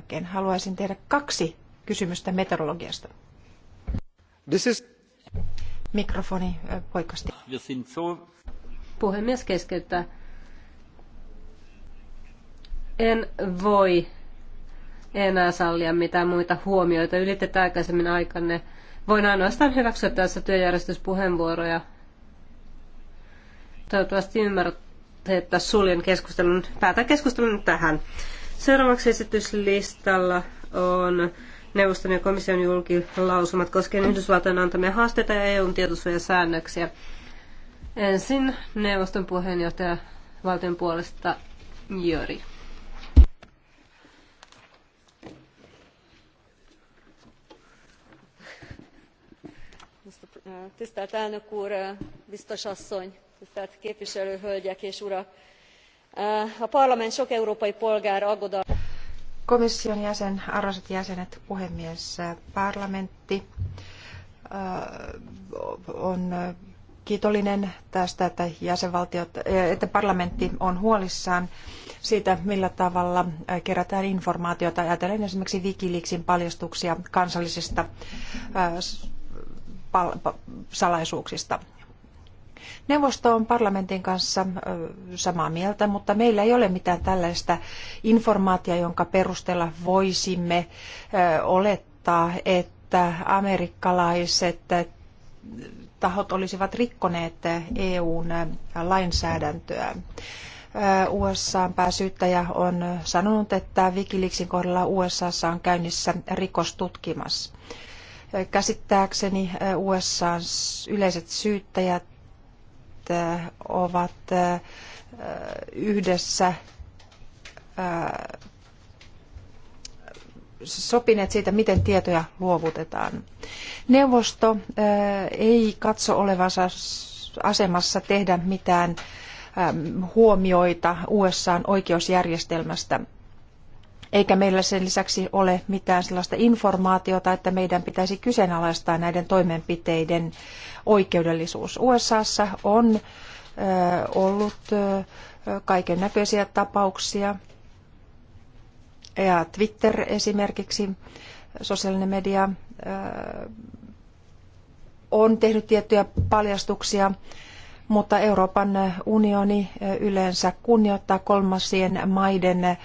jälkeen. Haluaisin tehdä kaksi kysymystä meteorologiasta. This is... Mikrofoni poikasti. Puhemies keskeyttää. En voi enää sallia mitään muita huomioita. Ylitetään aikaisemmin aikanne. Voin ainoastaan hyväksyä tässä työjärjestyspuheenvuoroja. Toivottavasti ymmärrätte, että suljen keskustelun. Päätän keskustelun tähän. Seuraavaksi esityslistalla on neuvoston ja komission julkilausumat koskien Yhdysvaltojen antamia haasteita ja EUn tietosuojasäännöksiä. Ensin neuvoston puheenjohtaja valtion puolesta Jori. Tisztelt elnök úr, biztos asszony, tisztelt képviselő hölgyek és urak! a parlament sok európai polgár komission jäsen, arvoisat jäsenet, puhemies, parlamentti on kiitollinen tästä, että, jäsenvaltiot, että parlamentti on huolissaan siitä, millä tavalla kerätään informaatiota. Ajatellen esimerkiksi Wikileaksin paljastuksia kansallisista salaisuuksista. Neuvosto on parlamentin kanssa samaa mieltä, mutta meillä ei ole mitään tällaista informaatiota, jonka perusteella voisimme olettaa, että amerikkalaiset tahot olisivat rikkoneet EUn lainsäädäntöä. USA-pääsyyttäjä on sanonut, että Wikileaksin kohdalla USAssa on käynnissä rikostutkimas. Käsittääkseni USA yleiset syyttäjät Äh, ovat äh, yhdessä äh, sopineet siitä, miten tietoja luovutetaan. Neuvosto ei katso olevansa asemassa tehdä mitään ähm, huomioita USAn oikeusjärjestelmästä – eikä meillä sen lisäksi ole mitään sellaista informaatiota, että meidän pitäisi kyseenalaistaa näiden toimenpiteiden oikeudellisuus. USAssa on ollut kaiken näköisiä tapauksia. Ja Twitter esimerkiksi, sosiaalinen media, on tehnyt tiettyjä paljastuksia, mutta Euroopan unioni yleensä kunnioittaa kolmansien maiden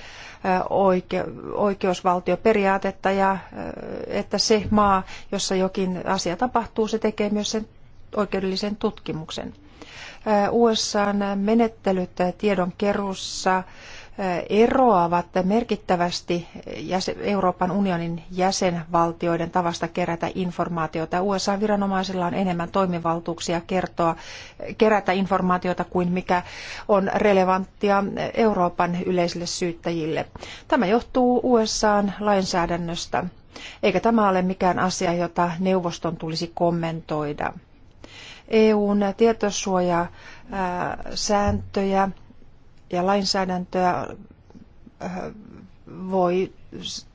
oikeusvaltioperiaatetta ja että se maa, jossa jokin asia tapahtuu, se tekee myös sen oikeudellisen tutkimuksen. USAn menettelyt tiedonkeruussa keruussa eroavat merkittävästi Euroopan unionin jäsenvaltioiden tavasta kerätä informaatiota. USA-viranomaisilla on enemmän toimivaltuuksia kertoa, kerätä informaatiota kuin mikä on relevanttia Euroopan yleisille syyttäjille. Tämä johtuu USAn lainsäädännöstä, eikä tämä ole mikään asia, jota neuvoston tulisi kommentoida. EUn tietosuojasääntöjä sääntöjä ja lainsäädäntöä äh, voi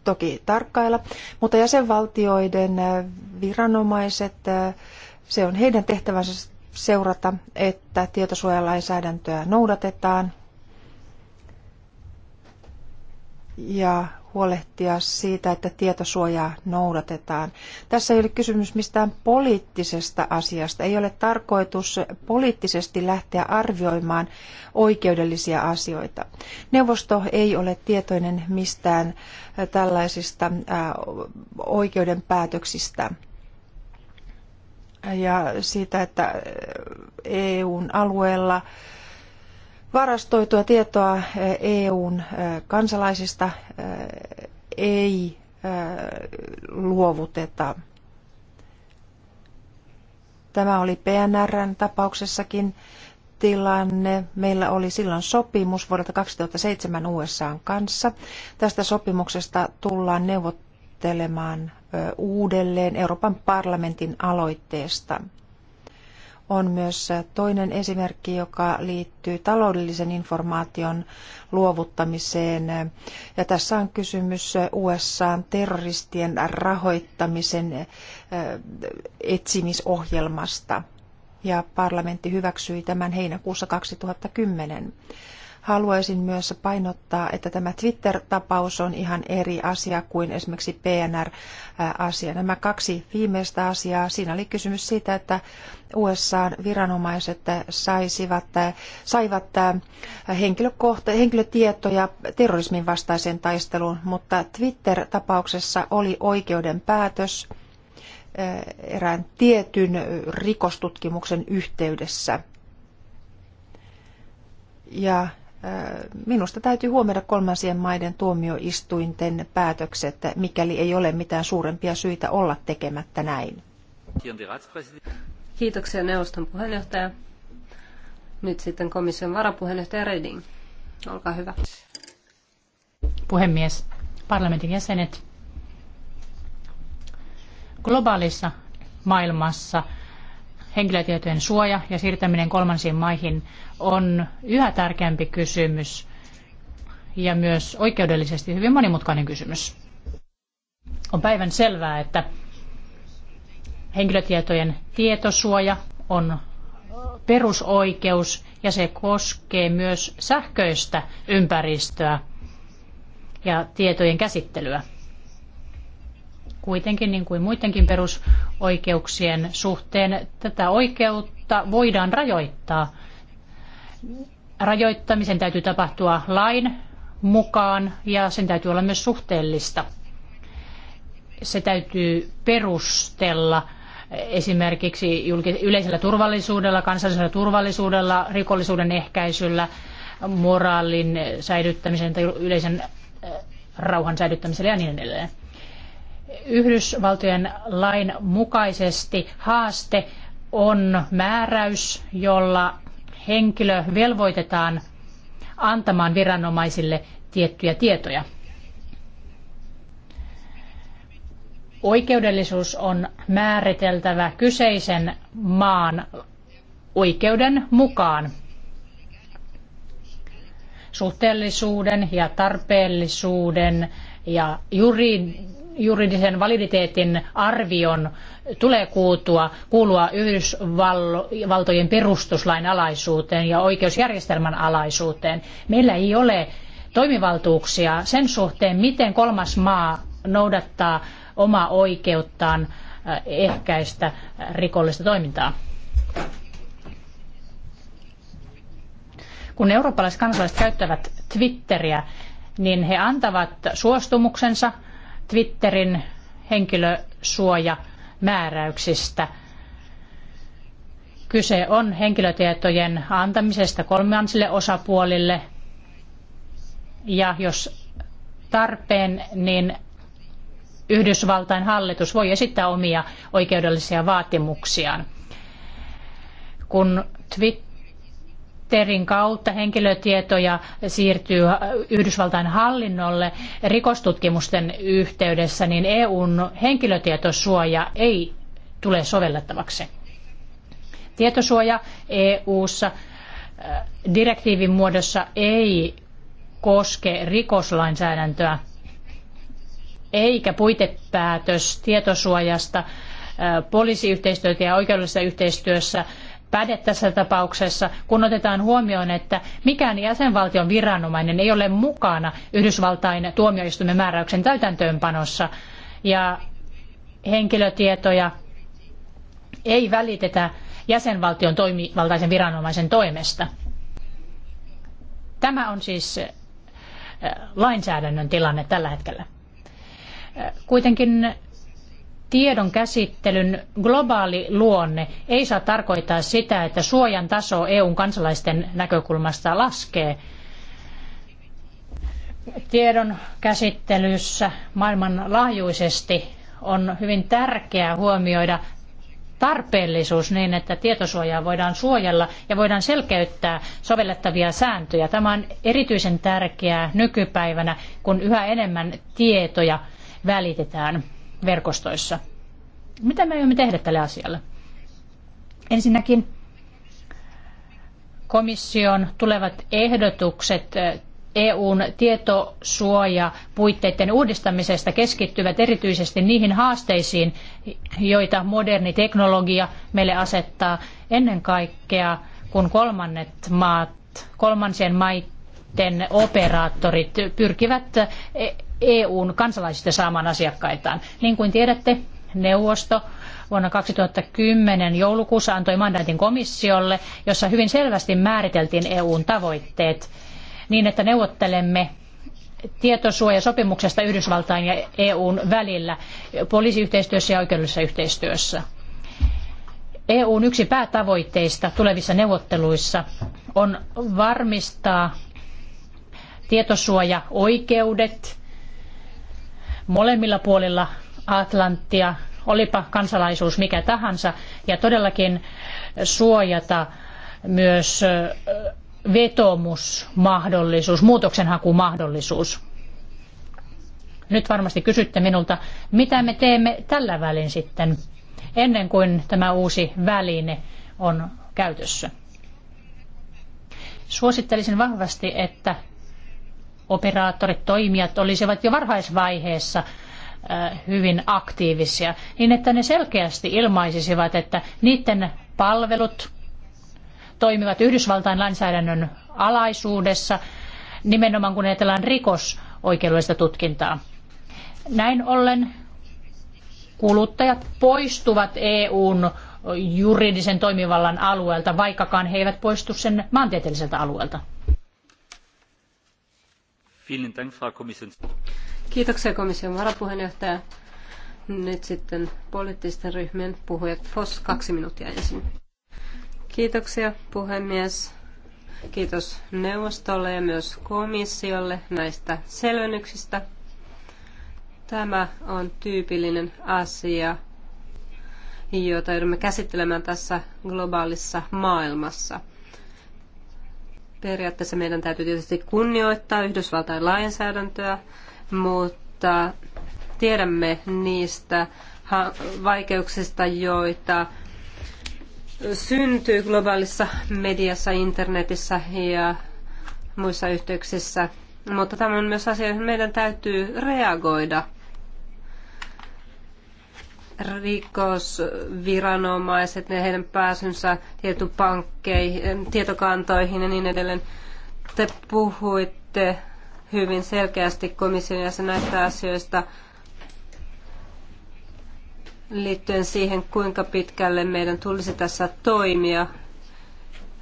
toki tarkkailla, mutta jäsenvaltioiden äh, viranomaiset, äh, se on heidän tehtävänsä seurata, että tietosuojalainsäädäntöä noudatetaan. Ja huolehtia siitä, että tietosuojaa noudatetaan. Tässä ei ole kysymys mistään poliittisesta asiasta. Ei ole tarkoitus poliittisesti lähteä arvioimaan oikeudellisia asioita. Neuvosto ei ole tietoinen mistään tällaisista oikeuden päätöksistä ja siitä, että EUn alueella varastoitua tietoa eh, EUn eh, kansalaisista eh, ei luovuteta. Tämä oli PNRn tapauksessakin tilanne. Meillä oli silloin sopimus vuodelta 2007 USAn kanssa. Tästä sopimuksesta tullaan neuvottelemaan uudelleen Euroopan parlamentin aloitteesta on myös toinen esimerkki, joka liittyy taloudellisen informaation luovuttamiseen. Ja tässä on kysymys USA terroristien rahoittamisen eh, etsimisohjelmasta. Ja parlamentti hyväksyi tämän heinäkuussa 2010. Haluaisin myös painottaa, että tämä Twitter-tapaus on ihan eri asia kuin esimerkiksi PNR-asia. Nämä kaksi viimeistä asiaa, siinä oli kysymys siitä, että USAn viranomaiset saisivat, saivat äh, henkilökohta, henkilötietoja terrorismin vastaiseen taisteluun, mutta Twitter-tapauksessa oli oikeuden päätös äh, erään tietyn rikostutkimuksen yhteydessä. Ja minusta täytyy huomioida kolmansien maiden tuomioistuinten päätökset, mikäli ei ole mitään suurempia syitä olla tekemättä näin. Kiitoksia neuvoston puheenjohtaja. Nyt sitten komission varapuheenjohtaja Reding. Olkaa hyvä. Puhemies, parlamentin jäsenet. Globaalissa maailmassa – henkilötietojen suoja ja siirtäminen kolmansiin maihin on yhä tärkeämpi kysymys ja myös oikeudellisesti hyvin monimutkainen kysymys. On päivän selvää, että henkilötietojen tietosuoja on perusoikeus ja se koskee myös sähköistä ympäristöä ja tietojen käsittelyä kuitenkin niin kuin muidenkin perusoikeuksien suhteen tätä oikeutta voidaan rajoittaa. Rajoittamisen täytyy tapahtua lain mukaan ja sen täytyy olla myös suhteellista. Se täytyy perustella esimerkiksi yleisellä turvallisuudella, kansallisella turvallisuudella, rikollisuuden ehkäisyllä, moraalin säilyttämisen tai yleisen äh, rauhan säilyttämisellä ja niin edelleen. Yhdysvaltojen lain mukaisesti haaste on määräys, jolla henkilö velvoitetaan antamaan viranomaisille tiettyjä tietoja. Oikeudellisuus on määriteltävä kyseisen maan oikeuden mukaan. Suhteellisuuden ja tarpeellisuuden ja juridisuuden juridisen validiteetin arvion tulee kuutua, kuulua Yhdysvaltojen perustuslain alaisuuteen ja oikeusjärjestelmän alaisuuteen. Meillä ei ole toimivaltuuksia sen suhteen, miten kolmas maa noudattaa omaa oikeuttaan eh, ehkäistä rikollista toimintaa. Kun eurooppalaiset kansalaiset käyttävät Twitteriä, niin he antavat suostumuksensa – Twitterin henkilösuojamääräyksistä. Kyse on henkilötietojen antamisesta kolmansille osapuolille ja jos tarpeen, niin Yhdysvaltain hallitus voi esittää omia oikeudellisia vaatimuksiaan. Kun Twitter Twitterin kautta henkilötietoja siirtyy Yhdysvaltain hallinnolle rikostutkimusten yhteydessä, niin EUn henkilötietosuoja ei tule sovellettavaksi. Tietosuoja EUssa äh, direktiivin muodossa ei koske rikoslainsäädäntöä eikä puitepäätös tietosuojasta äh, poliisiyhteistyötä ja oikeudellisessa yhteistyössä päde tässä tapauksessa, kun otetaan huomioon, että mikään jäsenvaltion viranomainen ei ole mukana Yhdysvaltain tuomioistuimen määräyksen täytäntöönpanossa ja henkilötietoja ei välitetä jäsenvaltion toimivaltaisen viranomaisen toimesta. Tämä on siis eh, lainsäädännön tilanne tällä hetkellä. Eh, kuitenkin tiedon käsittelyn globaali luonne ei saa tarkoittaa sitä, että suojan taso EUn kansalaisten näkökulmasta laskee. Tiedon käsittelyssä maailmanlaajuisesti on hyvin tärkeää huomioida tarpeellisuus niin, että tietosuojaa voidaan suojella ja voidaan selkeyttää sovellettavia sääntöjä. Tämä on erityisen tärkeää nykypäivänä, kun yhä enemmän tietoja välitetään verkostoissa. Mitä me aiomme tehdä tälle asialle? Ensinnäkin komission tulevat ehdotukset eh, EUn puitteiden uudistamisesta keskittyvät erityisesti niihin haasteisiin, joita moderni teknologia meille asettaa ennen kaikkea, kun kolmannet maat, kolmansien maiden operaattorit pyrkivät eh, EUn kansalaisista saamaan asiakkaitaan. Niin kuin tiedätte, neuvosto vuonna 2010 joulukuussa antoi mandaatin komissiolle, jossa hyvin selvästi määriteltiin EUn tavoitteet niin, että neuvottelemme tietosuojasopimuksesta Yhdysvaltain ja EUn välillä poliisiyhteistyössä ja oikeudellisessa yhteistyössä. EUn yksi päätavoitteista tulevissa neuvotteluissa on varmistaa tietosuojaoikeudet molemmilla puolilla Atlanttia, olipa kansalaisuus mikä tahansa, ja todellakin suojata myös vetomusmahdollisuus, muutoksenhakumahdollisuus. Nyt varmasti kysytte minulta, mitä me teemme tällä välin sitten, ennen kuin tämä uusi väline on käytössä. Suosittelisin vahvasti, että operaattorit, toimijat olisivat jo varhaisvaiheessa hyvin aktiivisia, niin että ne selkeästi ilmaisisivat, että niiden palvelut toimivat Yhdysvaltain lainsäädännön alaisuudessa, nimenomaan kun ajatellaan rikosoikeudellista tutkintaa. Näin ollen kuluttajat poistuvat EUn juridisen toimivallan alueelta, vaikkakaan he eivät poistu sen maantieteelliseltä alueelta. Kiitoksia komission varapuheenjohtaja. Nyt sitten poliittisten ryhmien puhujat. fos kaksi minuuttia ensin. Kiitoksia puhemies. Kiitos neuvostolle ja myös komissiolle näistä selvennyksistä. Tämä on tyypillinen asia, jota joudumme käsittelemään tässä globaalissa maailmassa. Periaatteessa meidän täytyy tietysti kunnioittaa Yhdysvaltain lainsäädäntöä, mutta tiedämme niistä vaikeuksista, joita syntyy globaalissa mediassa, internetissä ja muissa yhteyksissä. Mutta tämä on myös asia, johon meidän täytyy reagoida – rikosviranomaiset ja heidän pääsynsä tietopankkeihin, tietokantoihin ja niin edelleen. Te puhuitte hyvin selkeästi komission jäsen näistä asioista liittyen siihen, kuinka pitkälle meidän tulisi tässä toimia.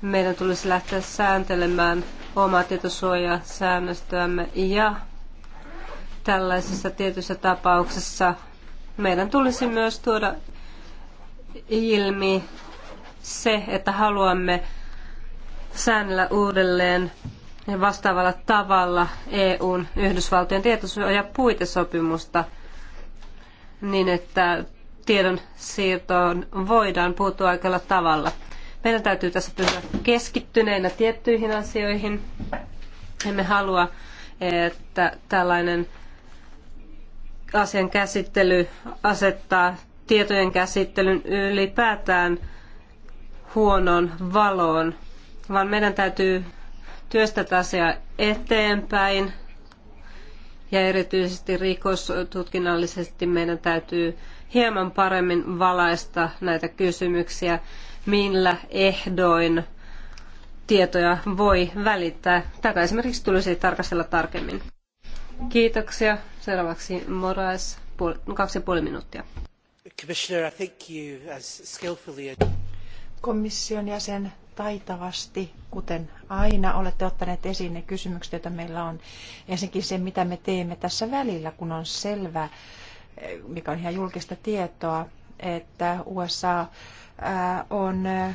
Meidän tulisi lähteä sääntelemään omaa tietosuojasäännöstöämme ja tällaisissa tietyissä tapauksissa – meidän tulisi myös tuoda ilmi se, että haluamme säännellä uudelleen vastaavalla tavalla EUn Yhdysvaltojen tietosuoja puitesopimusta niin, että tiedon siirtoon voidaan puuttua aikalla tavalla. Meidän täytyy tässä pysyä keskittyneinä tiettyihin asioihin. Emme halua, että tällainen asian käsittely asettaa tietojen käsittelyn ylipäätään huonoon valoon, vaan meidän täytyy työstää asiaa eteenpäin ja erityisesti rikostutkinnallisesti meidän täytyy hieman paremmin valaista näitä kysymyksiä, millä ehdoin tietoja voi välittää. Tätä esimerkiksi tulisi tarkastella tarkemmin. Kiitoksia. Seuraavaksi Moraes, kaksi ja puoli minuuttia. Commissioner, I think you as skillfully... Komission jäsen taitavasti, kuten aina, olette ottaneet esiin ne kysymykset, joita meillä on. Ensinnäkin se, mitä me teemme tässä välillä, kun on selvä, eh, mikä on ihan julkista tietoa, että USA on eh,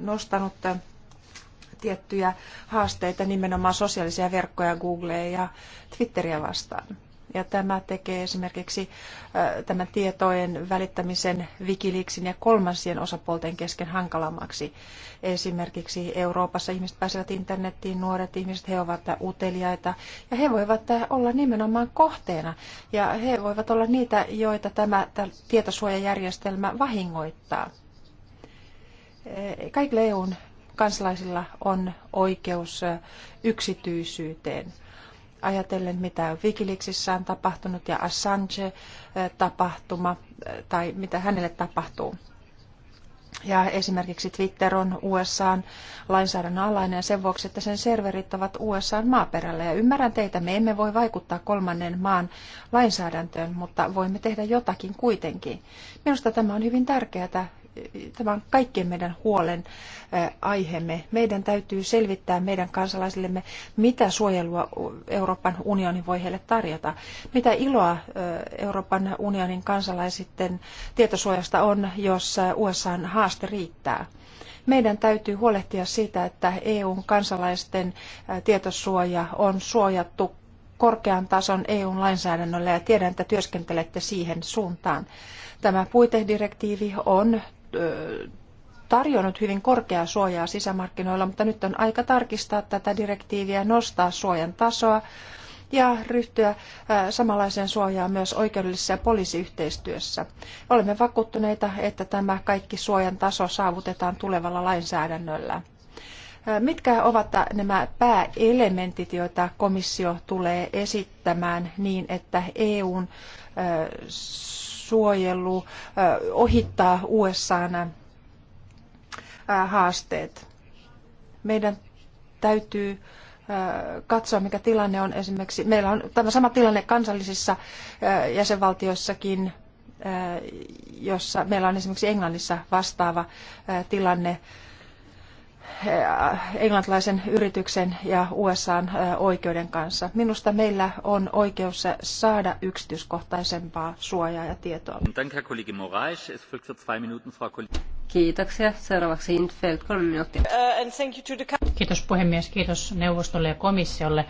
nostanut tiettyjä haasteita nimenomaan sosiaalisia verkkoja Googlea ja Twitteriä vastaan. Ja tämä tekee esimerkiksi tämän tietojen välittämisen Wikileaksin ja kolmansien osapuolten kesken hankalammaksi. Esimerkiksi Euroopassa ihmiset pääsevät internettiin, nuoret ihmiset, he ovat uteliaita ja he voivat olla nimenomaan kohteena. Ja he voivat olla niitä, joita tämä, tietosuojajärjestelmä vahingoittaa. E, kaikille EUn kansalaisilla on oikeus yksityisyyteen. Ajatellen, mitä Wikileaksissä on tapahtunut ja Assange-tapahtuma tai mitä hänelle tapahtuu. Ja esimerkiksi Twitter on USA lainsäädännön alainen sen vuoksi, että sen serverit ovat USA maaperällä. Ja ymmärrän teitä, me emme voi vaikuttaa kolmannen maan lainsäädäntöön, mutta voimme tehdä jotakin kuitenkin. Minusta tämä on hyvin tärkeää, tämä on kaikkien meidän huolen aiheemme. Meidän täytyy selvittää meidän kansalaisillemme, mitä suojelua Euroopan unioni voi heille tarjota. Mitä iloa Euroopan unionin kansalaisten tietosuojasta on, jos USAn haaste riittää. Meidän täytyy huolehtia siitä, että EUn kansalaisten tietosuoja on suojattu korkean tason EUn lainsäädännöllä ja tiedän, että työskentelette siihen suuntaan. Tämä puitedirektiivi on tarjonnut hyvin korkeaa suojaa sisämarkkinoilla, mutta nyt on aika tarkistaa tätä direktiiviä, nostaa suojan tasoa ja ryhtyä samanlaiseen suojaan myös oikeudellisessa ja poliisiyhteistyössä. Olemme vakuuttuneita, että tämä kaikki suojan taso saavutetaan tulevalla lainsäädännöllä. Mitkä ovat nämä pääelementit, joita komissio tulee esittämään niin, että EUn suojelu ohittaa USAn haasteet. Meidän täytyy katsoa, mikä tilanne on esimerkiksi. Meillä on tämä sama tilanne kansallisissa jäsenvaltioissakin, jossa meillä on esimerkiksi Englannissa vastaava tilanne Eh, englantilaisen yrityksen ja USAn eh, oikeuden kanssa. Minusta meillä on oikeus saada yksityiskohtaisempaa suojaa ja tietoa. Kiitoksia. Seuraavaksi Infeld, kolme minuuttia. Uh, kiitos puhemies, kiitos neuvostolle ja komissiolle.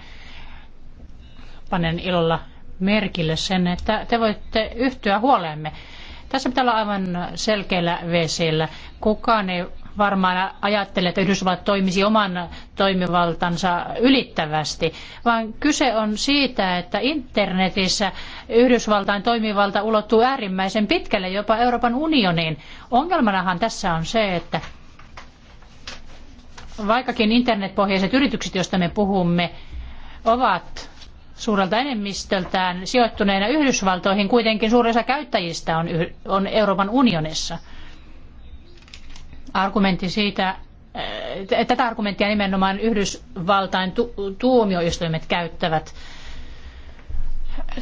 Panen ilolla merkille sen, että te voitte yhtyä huoleemme. Tässä pitää olla aivan selkeillä veseillä. Kukaan ei varmaan ajattele, että Yhdysvallat toimisi oman toimivaltansa ylittävästi, vaan kyse on siitä, että internetissä Yhdysvaltain toimivalta ulottuu äärimmäisen pitkälle jopa Euroopan unioniin. Ongelmanahan tässä on se, että vaikkakin internetpohjaiset yritykset, joista me puhumme, ovat suurelta enemmistöltään sijoittuneena Yhdysvaltoihin, kuitenkin suurin osa käyttäjistä on, on Euroopan unionissa – Argumentti siitä, äh, tätä argumenttia nimenomaan Yhdysvaltain tuomioistuimet käyttävät.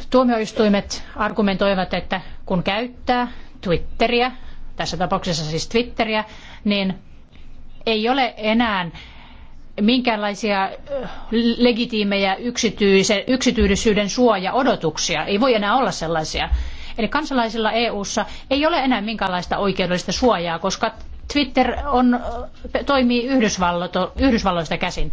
Tuomioistuimet argumentoivat, että kun käyttää Twitteriä, tässä tapauksessa siis Twitteriä, niin ei ole enää minkäänlaisia äh, legitiimejä yksityisyyden suoja-odotuksia. Ei voi enää olla sellaisia. Eli kansalaisilla EU:ssa ei ole enää minkäänlaista oikeudellista suojaa, koska Twitter on, toimii Yhdysvalloista käsin.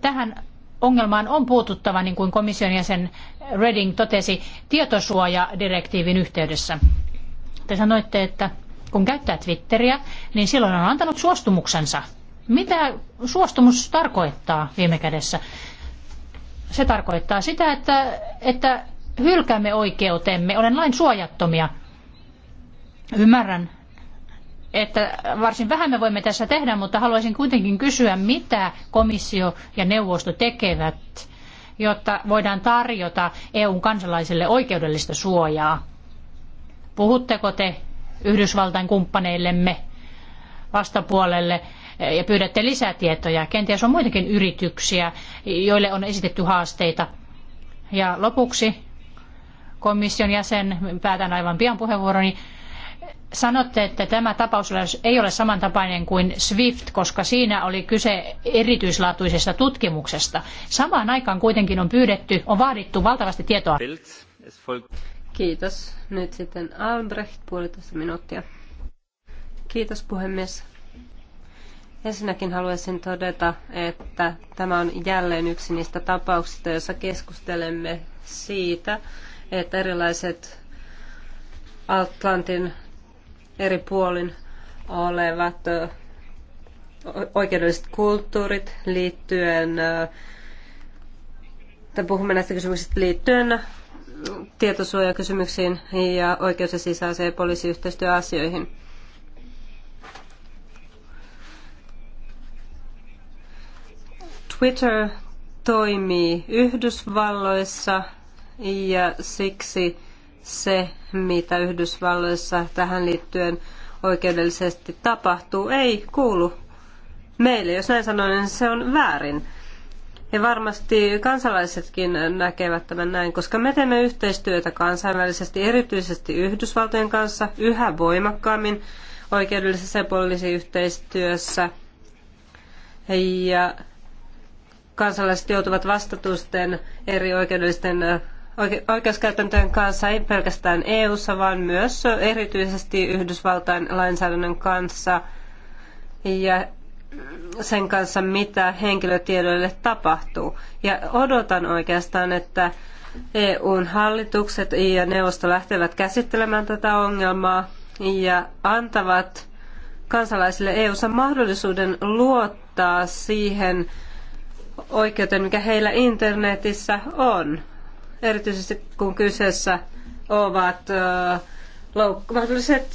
Tähän ongelmaan on puututtava, niin kuin komission jäsen Reding totesi, tietosuojadirektiivin yhteydessä. Te sanoitte, että kun käyttää Twitteriä, niin silloin on antanut suostumuksensa. Mitä suostumus tarkoittaa viime kädessä? Se tarkoittaa sitä, että, että hylkäämme oikeutemme, olen lain suojattomia. Ymmärrän, että varsin vähän me voimme tässä tehdä, mutta haluaisin kuitenkin kysyä, mitä komissio ja neuvosto tekevät, jotta voidaan tarjota EUn kansalaisille oikeudellista suojaa. Puhutteko te Yhdysvaltain kumppaneillemme vastapuolelle ja pyydätte lisätietoja? Kenties on muitakin yrityksiä, joille on esitetty haasteita. Ja lopuksi komission jäsen, päätän aivan pian puheenvuoroni, niin Sanotte, että tämä tapaus ei ole samantapainen kuin SWIFT, koska siinä oli kyse erityislaatuisesta tutkimuksesta. Samaan aikaan kuitenkin on pyydetty, on vaadittu valtavasti tietoa. Kiitos. Nyt sitten Albrecht, puolitoista minuuttia. Kiitos puhemies. Ensinnäkin haluaisin todeta, että tämä on jälleen yksi niistä tapauksista, joissa keskustelemme siitä, että erilaiset Atlantin eri puolin olevat oikeudelliset kulttuurit liittyen, tai puhumme näistä kysymyksistä liittyen tietosuojakysymyksiin ja oikeus- ja sisäiseen poliisiyhteistyöasioihin. Twitter toimii Yhdysvalloissa ja siksi se mitä Yhdysvalloissa tähän liittyen oikeudellisesti tapahtuu, ei kuulu meille. Jos näin sanoin, niin se on väärin. Ja varmasti kansalaisetkin näkevät tämän näin, koska me teemme yhteistyötä kansainvälisesti, erityisesti Yhdysvaltojen kanssa, yhä voimakkaammin oikeudellisessa ja poliisiyhteistyössä. Ja kansalaiset joutuvat vastatusten eri oikeudellisten oikeuskäytäntöjen kanssa, ei pelkästään EU-ssa, vaan myös erityisesti Yhdysvaltain lainsäädännön kanssa ja sen kanssa, mitä henkilötiedoille tapahtuu. Ja odotan oikeastaan, että EUn hallitukset ja neuvosto lähtevät käsittelemään tätä ongelmaa ja antavat kansalaisille EUssa mahdollisuuden luottaa siihen oikeuteen, mikä heillä internetissä on erityisesti kun kyseessä ovat louk- mahdolliset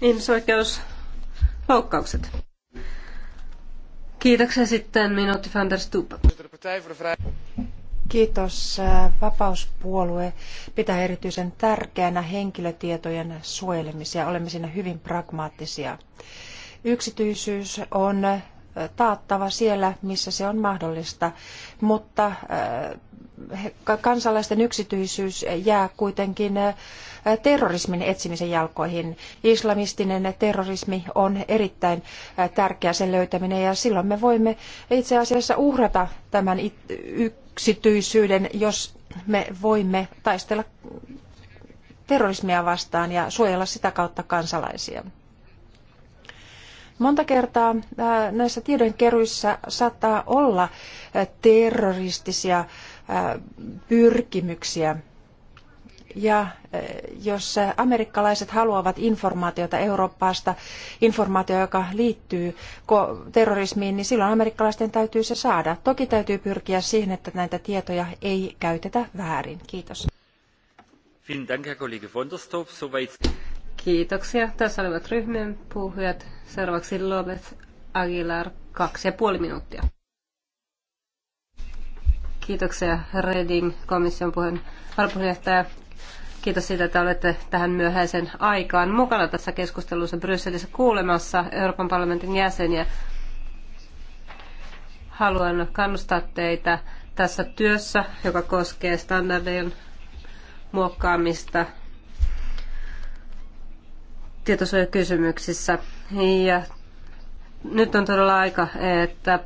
ihmisoikeusloukkaukset. Kiitoksia sitten minuutti van der Kiitos. Vapauspuolue pitää erityisen tärkeänä henkilötietojen suojelemisia. Olemme siinä hyvin pragmaattisia. Yksityisyys on taattava siellä, missä se on mahdollista, mutta kansalaisten yksityisyys jää kuitenkin äh, terrorismin etsimisen jalkoihin. Islamistinen terrorismi on erittäin äh, tärkeä sen löytäminen ja silloin me voimme itse asiassa uhrata tämän yksityisyyden, jos me voimme taistella terrorismia vastaan ja suojella sitä kautta kansalaisia. Monta kertaa äh, näissä tiedonkeruissa saattaa olla terroristisia pyrkimyksiä. Ja jos amerikkalaiset haluavat informaatiota Euroopasta, informaatiota, joka liittyy terrorismiin, niin silloin amerikkalaisten täytyy se saada. Toki täytyy pyrkiä siihen, että näitä tietoja ei käytetä väärin. Kiitos. Kiitoksia. Tässä olivat ryhmien puhujat. Seuraavaksi Lopez Aguilar, kaksi ja puoli minuuttia. Kiitoksia Reding, komission puheen, varapuheenjohtaja. Kiitos siitä, että olette tähän myöhäisen aikaan mukana tässä keskustelussa Brysselissä kuulemassa Euroopan parlamentin jäseniä. Haluan kannustaa teitä tässä työssä, joka koskee standardien muokkaamista tietosuojakysymyksissä. Ja nyt on todella aika, että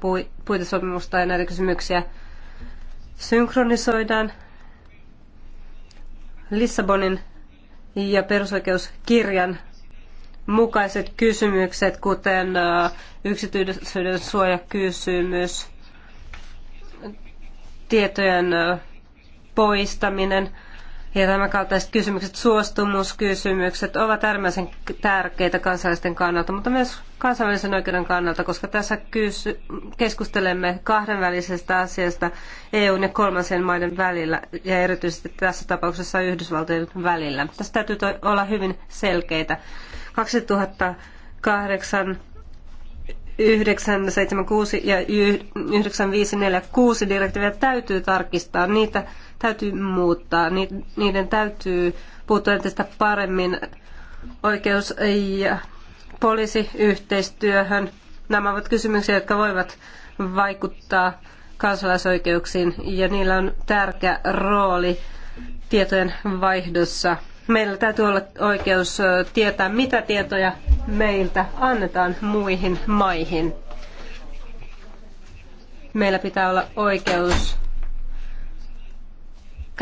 puitesopimusta ja näitä kysymyksiä synkronisoidaan Lissabonin ja perusoikeuskirjan mukaiset kysymykset, kuten äh, yksityisyyden suojakysymys, tietojen äh, poistaminen – ja tämän kaltaiset kysymykset, suostumuskysymykset, ovat äärimmäisen tärkeitä kansalaisten kannalta, mutta myös kansainvälisen oikeuden kannalta, koska tässä kysy- keskustelemme kahdenvälisestä asiasta EUn ja kolmansien maiden välillä ja erityisesti tässä tapauksessa Yhdysvaltojen välillä. Tässä täytyy olla hyvin selkeitä. 2008 976 ja 9546 direktiiviä täytyy tarkistaa. Niitä täytyy muuttaa. Niiden täytyy puuttua entistä paremmin oikeus- ja poliisiyhteistyöhön. Nämä ovat kysymyksiä, jotka voivat vaikuttaa kansalaisoikeuksiin ja niillä on tärkeä rooli tietojen vaihdossa. Meillä täytyy olla oikeus tietää, mitä tietoja meiltä annetaan muihin maihin. Meillä pitää olla oikeus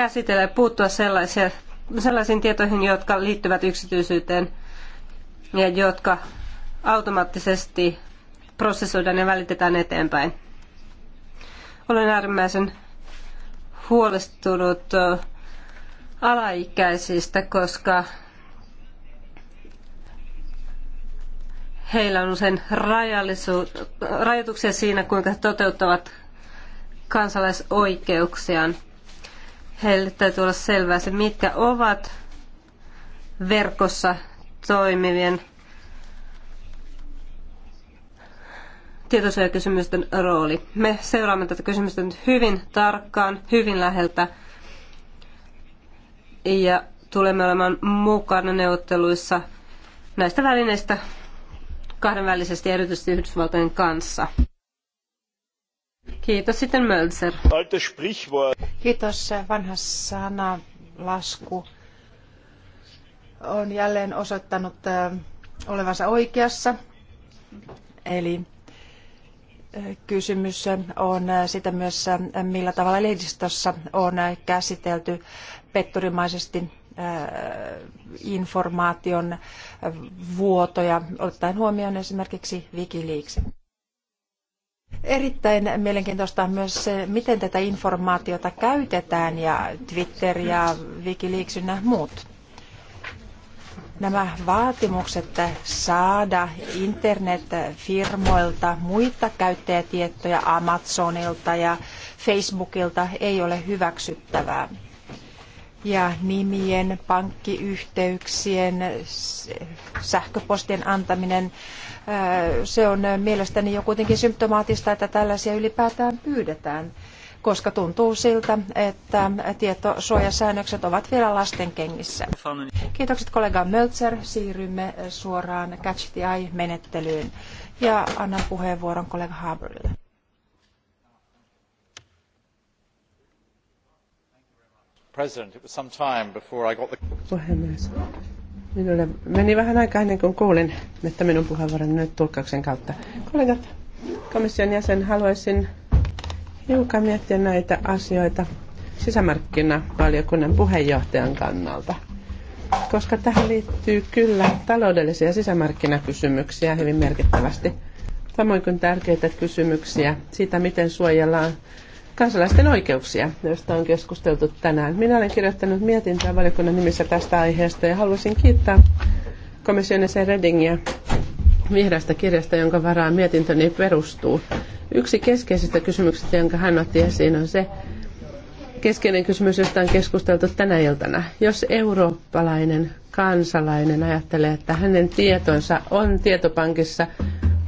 käsitellä ja puuttua sellaisia, sellaisiin tietoihin, jotka liittyvät yksityisyyteen ja jotka automaattisesti prosessoidaan ja välitetään eteenpäin. Olen äärimmäisen huolestunut alaikäisistä, koska heillä on usein rajoituksia siinä, kuinka he toteuttavat kansalaisoikeuksiaan heille täytyy olla selvää se, mitkä ovat verkossa toimivien tietosuojakysymysten rooli. Me seuraamme tätä kysymystä nyt hyvin tarkkaan, hyvin läheltä ja tulemme olemaan mukana neuvotteluissa näistä välineistä kahdenvälisesti erityisesti Yhdysvaltojen kanssa. Kiitos sitten Mölzer. Kiitos vanha sana lasku on jälleen osoittanut olevansa oikeassa. Eli kysymys on sitä myös, millä tavalla lehdistössä on käsitelty petturimaisesti informaation vuotoja, ottaen huomioon esimerkiksi Wikileaksin. Erittäin mielenkiintoista on myös se, miten tätä informaatiota käytetään ja Twitter ja Wikileaks ynnä muut. Nämä vaatimukset saada internetfirmoilta muita käyttäjätietoja Amazonilta ja Facebookilta ei ole hyväksyttävää. Ja nimien, pankkiyhteyksien, sähköpostien antaminen se on mielestäni jo kuitenkin symptomaattista, että tällaisia ylipäätään pyydetään, koska tuntuu siltä, että tietosuojasäännökset ovat vielä lasten kengissä. Kiitokset kollega Möltser. Siirrymme suoraan Catch the Eye-menettelyyn ja annan puheenvuoron kollega Haberille. puhemies Minulle meni vähän aikaa ennen kuin kuulin, että minun puheenvuoroni nyt tulkkauksen kautta. Kollegat, komission jäsen, haluaisin hiukan miettiä näitä asioita sisämarkkinavaliokunnan puheenjohtajan kannalta, koska tähän liittyy kyllä taloudellisia sisämarkkinakysymyksiä hyvin merkittävästi, samoin kuin tärkeitä kysymyksiä siitä, miten suojellaan kansalaisten oikeuksia, joista on keskusteltu tänään. Minä olen kirjoittanut mietintöä valiokunnan nimissä tästä aiheesta ja haluaisin kiittää komission jäsen Redingiä vihreästä kirjasta, jonka varaan mietintöni perustuu. Yksi keskeisistä kysymyksistä, jonka hän otti esiin, on se keskeinen kysymys, josta on keskusteltu tänä iltana. Jos eurooppalainen kansalainen ajattelee, että hänen tietonsa on tietopankissa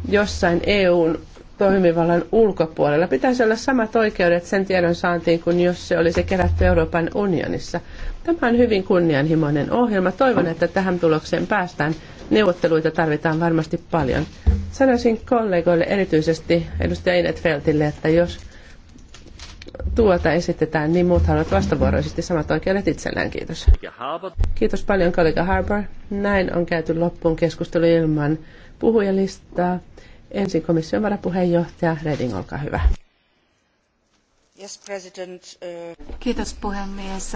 jossain EUn toimivallan ulkopuolella. Pitäisi olla samat oikeudet sen tiedon saantiin kuin jos se olisi kerätty Euroopan unionissa. Tämä on hyvin kunnianhimoinen ohjelma. Toivon, että tähän tulokseen päästään. Neuvotteluita tarvitaan varmasti paljon. Sanoisin kollegoille, erityisesti edustaja Inet Feltille, että jos tuota esitetään, niin muut haluavat vastavuoroisesti samat oikeudet itsellään. Kiitos. Kiitos paljon kollega Harbour. Näin on käyty loppuun keskustelu ilman puhujalistaa. Ensin komission varapuheenjohtaja Reding, olkaa hyvä. Uh, Kiitos puhemies.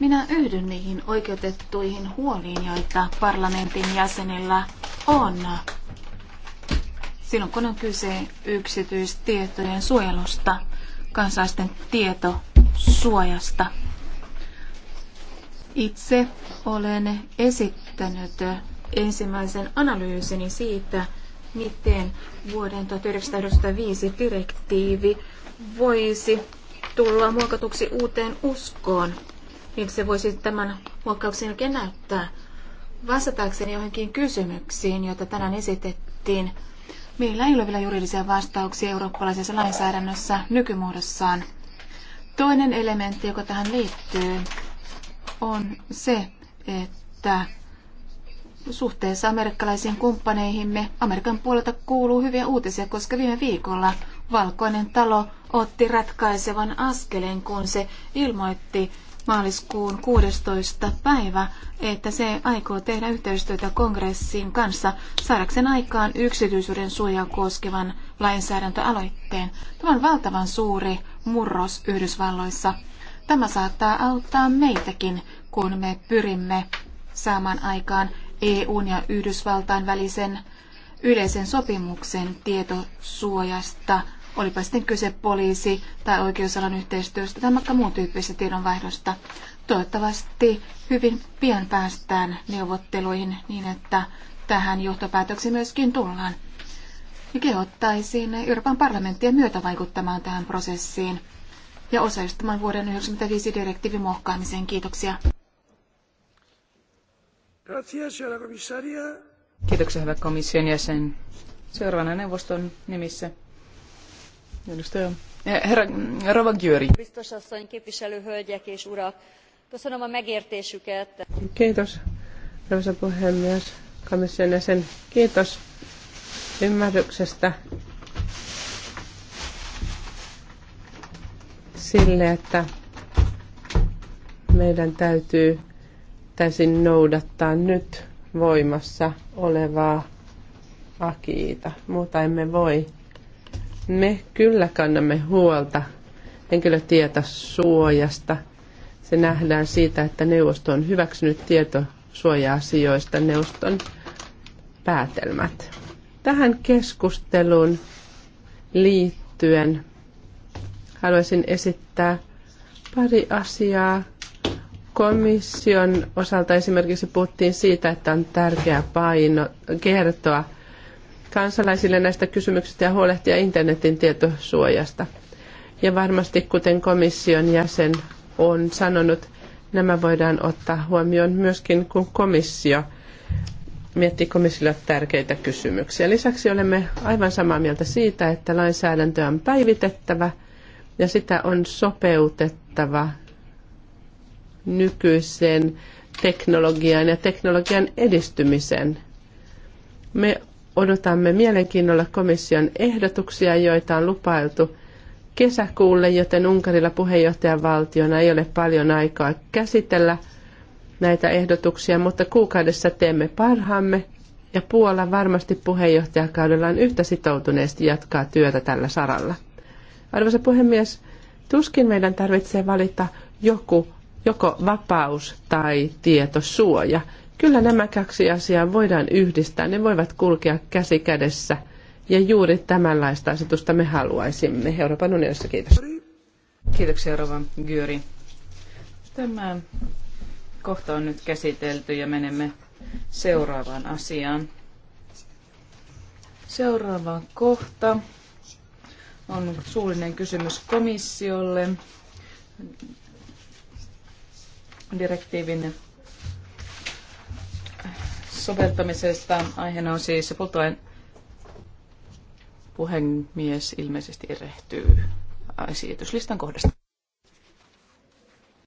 Minä yhdyn niihin oikeutettuihin huoliin, joita parlamentin jäsenillä on silloin, kun on kyse yksityistietojen suojelusta, kansalaisten tietosuojasta. Itse olen esittänyt ensimmäisen analyysini siitä, miten vuoden 1995 direktiivi voisi tulla muokatuksi uuteen uskoon, niin se voisi tämän muokkauksen jälkeen näyttää. Vastatakseni johonkin kysymyksiin, joita tänään esitettiin, meillä ei ole vielä juridisia vastauksia eurooppalaisessa lainsäädännössä nykymuodossaan. Toinen elementti, joka tähän liittyy, on se, että suhteessa amerikkalaisiin kumppaneihimme Amerikan puolelta kuuluu hyviä uutisia, koska viime viikolla Valkoinen talo otti ratkaisevan askeleen, kun se ilmoitti maaliskuun 16. päivä, että se aikoo tehdä yhteistyötä kongressin kanssa saadakseen aikaan yksityisyyden suojaa koskevan lainsäädäntöaloitteen. Tämä on valtavan suuri murros Yhdysvalloissa. Tämä saattaa auttaa meitäkin, kun me pyrimme saamaan aikaan EUn ja Yhdysvaltain välisen yleisen sopimuksen tietosuojasta, olipa sitten kyse poliisi- tai oikeusalan yhteistyöstä tai vaikka muun tyyppisestä tiedonvaihdosta. Toivottavasti hyvin pian päästään neuvotteluihin niin, että tähän johtopäätöksiin myöskin tullaan. Ja kehottaisin Euroopan parlamenttia myötävaikuttamaan tähän prosessiin ja osallistumaan vuoden 1995 direktiivin muokkaamiseen. Kiitoksia. Kiitoksia, hyvä komission jäsen. Seuraavana neuvoston nimissä. Edustaja. Eh, herra, Rova Györi. Biztos asszony, képviselő hölgyek és urak. Kiitos, arvoisa puhemies, komission jäsen. Kiitos ymmärryksestä sille, että meidän täytyy yrittäisin noudattaa nyt voimassa olevaa akiita. Muuta emme voi. Me kyllä kannamme huolta henkilötietosuojasta. Se nähdään siitä, että neuvosto on hyväksynyt tietosuoja-asioista neuvoston päätelmät. Tähän keskusteluun liittyen haluaisin esittää pari asiaa Komission osalta esimerkiksi puhuttiin siitä, että on tärkeää paino kertoa kansalaisille näistä kysymyksistä ja huolehtia internetin tietosuojasta. Ja varmasti, kuten komission jäsen on sanonut, nämä voidaan ottaa huomioon myöskin, kun komissio miettii komissiolle tärkeitä kysymyksiä. Lisäksi olemme aivan samaa mieltä siitä, että lainsäädäntöä on päivitettävä ja sitä on sopeutettava nykyiseen teknologiaan ja teknologian edistymisen. Me odotamme mielenkiinnolla komission ehdotuksia, joita on lupailtu kesäkuulle, joten Unkarilla puheenjohtajavaltiona ei ole paljon aikaa käsitellä näitä ehdotuksia, mutta kuukaudessa teemme parhaamme ja Puola varmasti puheenjohtajakaudellaan yhtä sitoutuneesti jatkaa työtä tällä saralla. Arvoisa puhemies, tuskin meidän tarvitsee valita joku joko vapaus tai tietosuoja. Kyllä nämä kaksi asiaa voidaan yhdistää, ne voivat kulkea käsi kädessä. Ja juuri tämänlaista asetusta me haluaisimme Euroopan unionissa. Kiitos. Kiitoksia Rova Györi. Tämä kohta on nyt käsitelty ja menemme seuraavaan asiaan. Seuraava kohta on suullinen kysymys komissiolle direktiivin soveltamisesta. Aiheena on siis polttoaine puhemies ilmeisesti erehtyy esityslistan kohdasta.